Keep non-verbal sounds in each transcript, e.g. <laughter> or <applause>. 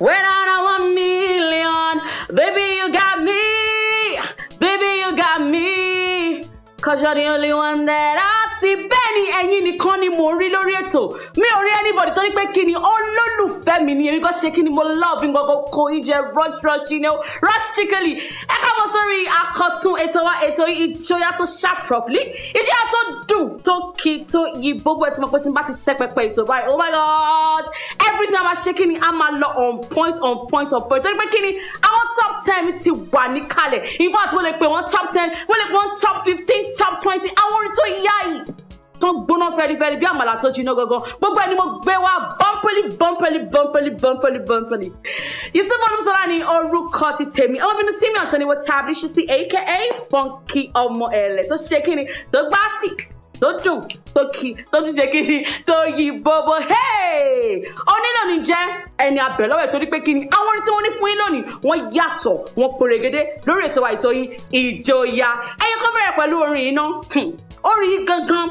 Went out on a million. Baby, you got me. Baby, you got me. Cause you're the only one that I see. ní ẹ̀yin nìkan ni mo rí lórí ètò mi ò rí anybody tó ní pé kí ni olólùfẹ́ mi ni èmi kan ṣe kí ni mo love ní gbogbo kò í jẹ rush rush you know rush chickily ẹ káàbọ̀ sórí àkọ́tún ètò wa ètò ìjọyà tó sharp properly ìjọyà tó dùn tó kí tó yí gbogbo ẹ̀ tí mo pé tí n bá ti tẹ́ pẹpẹ ètò báyìí oh my gosh everything a máa ṣe kí ni a máa lọ on point on point on point tó ní pé kí ni àwọn top ten ti wà níkàlẹ̀ in fact mo lè pè wọ́n top ten mo lè pè wọ́n top fifteen top twenty àwọn orin tó yá yìí tó gbóná fẹrifẹri bí àmàlà tó jiná gangan gbogbo ẹni mo gbé wá bọ́ńpẹ́lì bọ́ńpẹ́lì bọ́ńpẹ́lì bọ́ńpẹ́lì bọ́ńpẹ́lì Yusuf Olúṣọlá ni orúkọ ti tèmi ọmọ bínú Simeon tó ni wọ́n tábìlì ṣí sí aka Funky ọmọ ẹ̀lẹ̀ tó ṣe kí ni tó gbá sí tó dùn tó kí tó ti ṣe kí ni tó yí bóbó onílò ní jẹ́ ẹni abẹ̀lọ́wẹ̀ torí pé kí ni àwọn orin tí wọ́n ní fún yín lónìí wọ́n yàtọ̀ wọ́n pèrègede lórí ètò àìtó yín ìjòyà ẹ̀yin kọ́ bẹ̀rẹ̀ pẹ̀lú orin yìí náà hmm. orin yìí gangan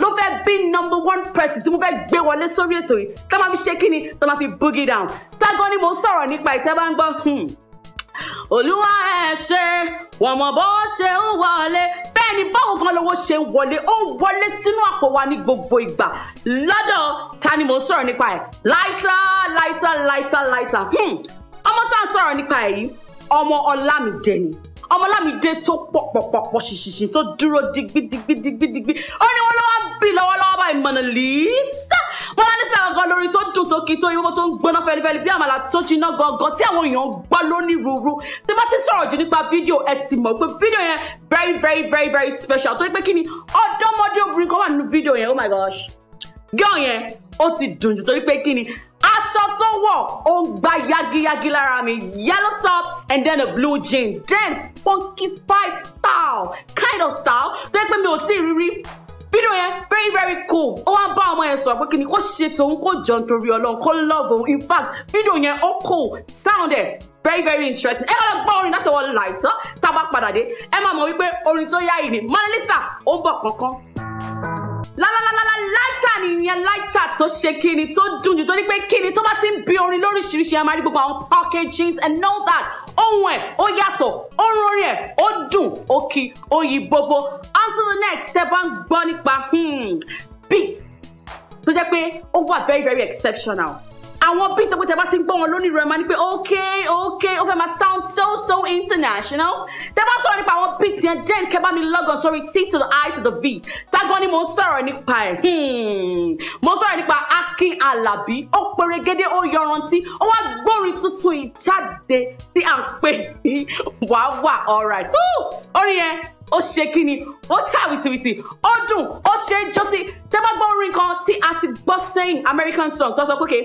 ló fẹ́ bí number one person tí mo fẹ́ gbé wọlé sórí ètò yìí tá máa fi ṣe kí ni tá máa fi boogie down tágọ́ ni mo sọ̀rọ̀ nípa ìtẹ́ bá ń gbọ́ hmm. olúwa ẹ ṣe wọn mọ bó ṣe ń wọlé bẹ́ẹ̀ ni báwo kan lówó ṣe ń wọlé ó ń wọlé sínú àpò wa ní gbogbo ìgbà lọ́dọ̀ ta ni mo sọ̀rọ̀ nípa ẹ̀ láìta láìta láìta láìta hmm. ọmọ tá à ń sọ̀rọ̀ nípa ẹ̀ yìí ọmọ Ọlámídé ni ọmọlámídé tó pọpọpọpọ ṣìṣìṣì tó dúró digbidigbidigbidigbi ó leaves. wọ́n á ní sí àwọn gan lórin tó dùn tó kì í tó yíwọ́ tó ń gbóná fẹlifẹli bí àmàlà tó jiná gangan tí àwọn èèyàn ń gbọ́ lónírúurú tí bá ti sọ̀rọ̀ jù nípa fídíò ẹ ti mọ̀ pé fídíò yẹn very very very very special torí pé kí ni ọ̀dọ́mọdé obìnrin kan wà nínú fídíò yẹn oh my gosh girl yẹn ó ti dùn jù torí pé kí ni aṣọ tó wọ̀ ó ń gba yagiyagi lára mi yellow top and then a blue jean then funky fight style kind of style tó yẹ pé mi ò tí ì rírí fídíò yẹn very very cool ó wá ń bá ọmọ yẹn sọ pé kíni kó ṣe tòun kó jọ nítorí ọlọ́run kó love òun in fact fídíò yẹn ó cool sound ẹ̀ very very interesting ẹ kọ́lẹ̀ gbọ́ orin láti ọwọ́ láìtọ́ tá a bá padà dé ẹ máa mọ̀ wípé orin tó yá yìí ni Mona Lisa ó bọ̀ kankan lálálálálá láìta nìyẹn láìta tó ṣe kíni tó dùn jù tó ní pé kíni tó bá ti ń bí orin lóríṣiríṣi a máa rí gbogbo àwọn packagings and all that ohun ẹ̀ ó yàtọ̀ ó ń rọrí ẹ̀ ó dùn ó kí ó yí bóbó until the next step one gbọ́ nípa beat tó jẹ́ pé ó wà very very exceptional àwọn beat ọgbẹ́ tẹ bá ti ń gbọ́ wọn lónìí rẹ̀ máa ní pé ok ok ó fẹ́ máa sound so so international tẹ bá sọ̀rọ̀ nípa àwọn beat yẹn jẹ́ nkẹ́ bá mi lọ́gàn sórí t to the i to the v tágbọ́n ni mo ń sọ̀rọ̀ nípa ẹ̀ mo hmm. ń sọ̀rọ̀ nípa Akin Alabi ó perégedé ó yọrantí ó wá gbórin tuntun ìjáde tí à ń pè ní wàá wà alright orin yẹn ó ṣe kí ni ó tà wìtìwìtì ó dùn ó ṣe é jó sí tẹ bá gbọ́ orin kan tí a ti gbọ́ sẹ́yìn American song tó sọ pé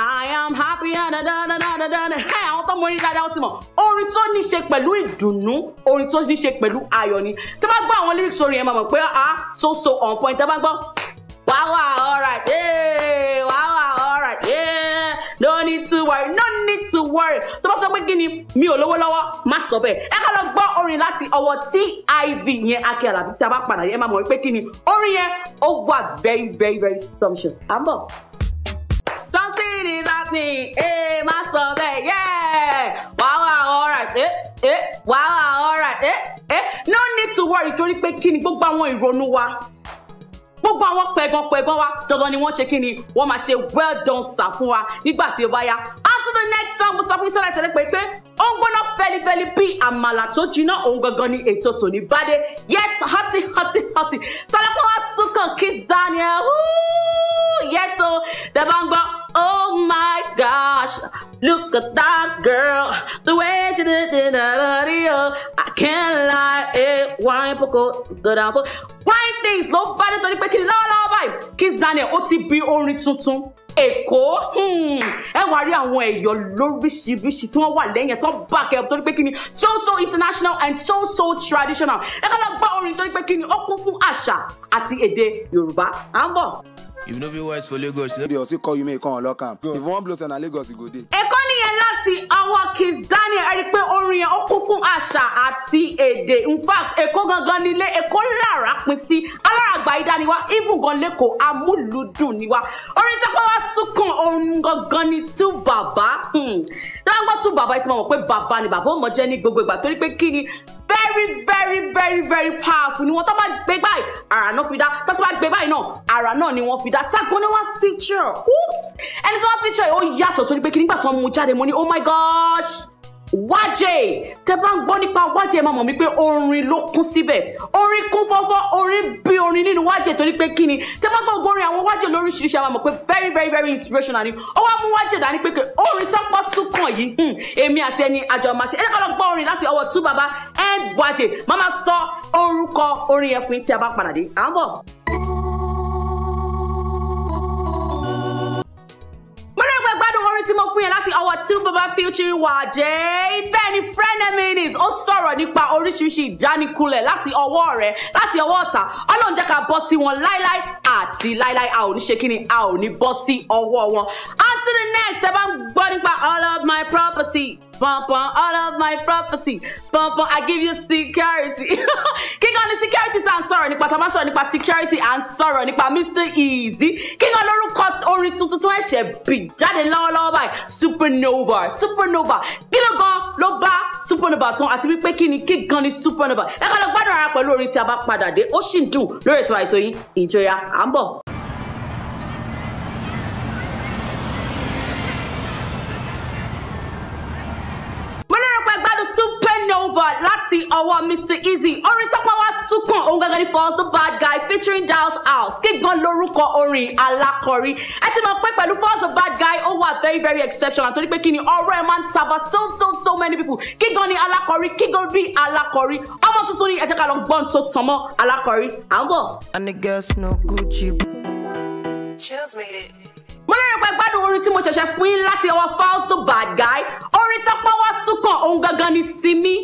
I am happy and da da da da da da. Ẹ àwọn tó mọ orin dáadáa ó ti mọ̀. Orin tó ní ṣe pẹ̀lú ìdùnnú, orin tó ní ṣe pẹ̀lú ayọ̀ ni. Tí a bá gbọ́ àwọn lyrics orin yẹn mọ̀ pé ah, ah so so on point. Tí a bá gbọ́ wàá wà alright, wàá wà alright, no need to worry, no need to worry. Tó bá sọ pé kí ni mi ò lówó lọ́wọ́, má sọ bẹ́ẹ̀. Ẹ ká lọ gbọ́ orin láti ọwọ́ TIV yẹn Akin Alabi tí a bá padà yẹn máa mọ̀ pé kí ni orin yẹn ó wà very very very sumptuous. À ń sí ẹ má sọ bẹ́ẹ̀ yẹ wàá wà alright ẹ ẹ wàá wà alright ẹ ẹ no need to worry torí pé kí ni gbogbo àwọn ìrònú wa gbogbo àwọn pẹ̀gàn pẹ̀gàn wa dandan ni wọ́n ṣe kí ni wọ́n máa ṣe well done sir fún wa nígbà tí ó bá yá after the next song mo sọ fún ìtọ́lá ìtọ́lá pé pé ó ń gbóná fẹlifẹli bí àmàlà tó jiná òun gangan ni ètò tòní bá yes hati hati hati tọ́lá pé wọ́n kàn kiss Daniel yes o dẹ̀ bá ń gbọ́. gosh, look at that girl, the way she did it, Can't lie, eh, wine poco, go down for Wine things ló bá dé torí pé kí ni lọ́wọ́lọ́wọ́ báyìí. Kiss Daniel ó ti bí orin tuntun. Èkó hmm. ẹ wá rí àwọn ẹ̀yọ́ lóríṣiríṣi tí wọ́n wà lẹ́yìn ẹ̀ tó back up torí pé kí ni so so international and so so traditional. Ẹ ká lọ gbọ́ orin torí pé kí ni ó kún fún àṣà àti èdè Yorùbá. À ń bọ̀. If you no fit wise for Lagos, no be Osi call you make you come Olokam. If you wan blow sand na Lagos you go dey láti ọwọ́ Kiss Daniel ẹ rí i pé orin yẹn ó kún fún àṣà àti èdè in fact èkó gangan nílé èkó rárá pin sí aláràgbà ìdániwá even gan lẹ́kọ̀ọ́ amúlùdùn niwá orin tí wọ́n wá tún kàn òun gangan ni tú bàbá Dangote bàbá yìí ti máa mọ̀ pé bàbá ni bàbá ó jẹ́ ní gbogbo ìgbà torí pé kí ni very very very very powerful ni wọ́n tó bá gbé báyìí ara náà fi dá tó tó bá gbé báyìí náà ara náà ni wọ́n fi dá tágbọ́n ni wọ́n picture oops ẹni tó wá feature. yìí ó yàtọ̀ torí pé kí nígbà tó ń mu jáde mo ní oh my gosh wájẹ tẹ bá ń gbọ́ nípa wájẹ máa mọ̀ mí pé orin ló kún síbẹ̀ orin kún fọ́fọ́ orin bí orin nínú wájẹ torí pé kí ni tẹ bá gbọ́ orin àwọn wájẹ lóríṣiríṣi àwọn mọ̀ pé very very very inspirational ni ó wá mú wájẹ dání pé orin tó pọ̀ súnkàn yìí hmm, èmi àti ẹni àjọ máa ṣe ẹ kọ́ lọ gbọ́ orin láti ọwọ́ tú bàbá ẹ wájẹ máa máa sọ orúkọ orin yẹn fún yín tí a bá padà dé à ń tí mo fún yẹn láti ọwọ́ two baba future wàjẹ́ bẹ́ẹ̀ ni frenemies ó sọ̀rọ̀ nípa oríṣiríṣi ìjánikulẹ̀ láti ọwọ́ ọ̀rẹ́ láti ọwọ́ ọ̀tá ọlọ́run jẹ́ ká bọ́ sí wọn láíláí àti láíláí a ò ní ṣe kí ni a ò ní bọ́ sí ọwọ́ wọn. until the next ẹ bá ń gbọ́ nípa all of my property pọ̀npọ̀n all of my property pọ̀npọ̀n I give you security <laughs> kíkọ́ ní sọ̀rọ̀ nípa tá bá sọ̀rọ̀ nípa security and sọ̀rọ̀ nípa Mr Easy kí ni olórúkọ orin tuntun tó ẹ̀ṣẹ̀ bì jáde lọ́wọ́lọ́wọ́ báyìí supernova supernova kí ló gan ló bá supernova tán àti wípé kí ni kí gan ni supernova ẹ ká lọ gbádùn ara pẹ̀lú orin tí a bá padà dé ó sì ń dùn lórí ètò àìtó yín ìjọya à ń bọ̀. láti ọwọ́ Mr Easy, orin tọ́pọ̀ wá súnkàn òun gẹ́gẹ́ ní Falz the Bad Guy featuring Daus House kíkan lórúkọ orin alákọ̀rí ẹ ti mọ̀ pé pẹ̀lú Falz the Bad Guy ó wà very very exceptional torí pé kí ni ọ̀rọ̀ ẹ̀ máa ń taba so so so many people kíkan ní alákọ̀rí kíkan bí alákọ̀rí ọmọ tuntun ni ẹ jẹ́ gbọ́n tó tàn mọ́ alákọ̀rí à ń bọ̀. and the girls no Gucci. Chills made it mo lérò pé gbádùn orin tí mo ṣẹ̀ṣẹ̀ fún yín láti ọwọ́ Falz the Bad Guy orin tọ́pọ̀ wá tún kàn òun gangan ni Simi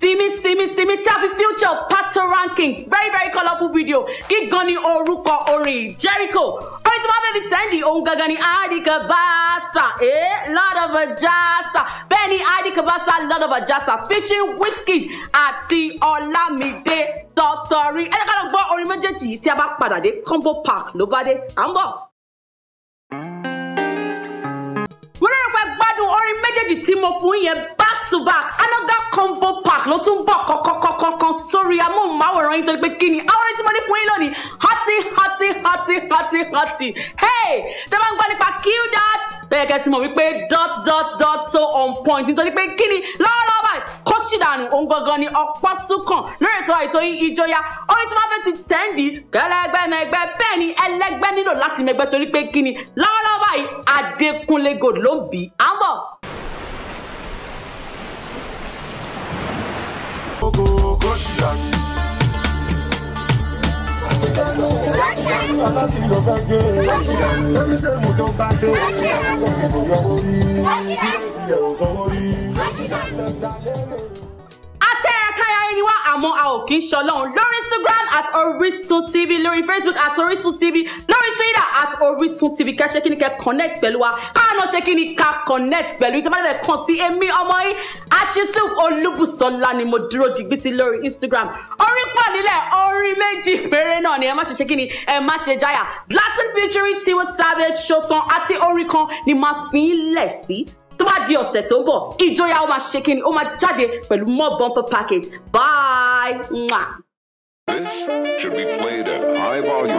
simi simi simi tí a fi future pato ranking very very colourful video gígan ní orúkọ orin Jericho orin tí wọ́n fẹ́ fi tẹ́ǹdì ohun gangan ni adikabasa eh lọ́dọ̀bàjásà bẹ́ẹ̀ ni of lọ́dọ̀bàjásà featuring Wizkid àti Ọlámídé Dọ́tọ̀rí ẹ jẹ́ ká lọ gbọ́ orin méjèèjì tí a bá padà dé Combo Park ló bá dé à ń bọ̀. mo lérò pé gbádùn orin méjèèjì tí mo fún yẹn bá to back another combo pack ló tún bọ̀ kọ́kọ́kọ́kọ́ sórí amóhùnmáwòrán yín torí pé kí ni àwọn orin tí mo ní fún yín lónìí hati hati hati hati hati hey tẹ́ bá ń gbọ́ nípa q dot bẹ́ẹ̀ kẹ́ ti mọ̀ wípé dot dot dot so on point nítorí pé kí ni lọ́wọ́lọ́wọ́ báyìí kó sì dànù òun gangan ni ọ̀pọ̀ súnkàn lórí ètò àìtó yín ìjọya orin tí wọ́n fẹ́ ti tẹ́ǹdì kẹlẹ́gbẹ́ mẹgbẹ́ bẹ́ẹ̀ ni ẹlẹ́gbẹ́ nílò láti mẹgbẹ́ torí pé kí ni lọ́wọ́lọ́wọ́ báyìí Adékúnlé Gold ló ń bì á mọ̀. go Koshiyan. Bàbá tí lọ fẹ́ gé lórí sẹ́mu tó bá dé. Kò yọ orí, ilé tiẹ̀ ò sanwó rí ni wá àmọ́ a ò kí ń ṣọlọ́run lórí Instagram at Orisun TV lórí Facebook at Orisun TV lórí Twitter at Orisun TV kẹ́ ṣe kí ni kẹ́ connect pẹ̀lú wa káà ṣe kí ni ká connect pẹ̀lú ìtọ́ bá lè kàn sí èmi ọmọ yín àti Yusuf Olúbùsọ̀lá ni mo dúró digbí sí lórí Instagram orin pọ̀ nílẹ̀ orin méjì péré náà ni ẹ má ṣe ṣe kí ni ẹ má ṣe jáyà Latin Future Tiwa Savage Ṣọ̀tàn àti orin kan ni máa fi ń lẹ̀ sí bá di ọ̀sẹ̀ tó ń bọ̀ ìjọyà ó máa ṣe kí ni ó máa jáde pẹ̀lú more bumper package bye. This should be played at high volume.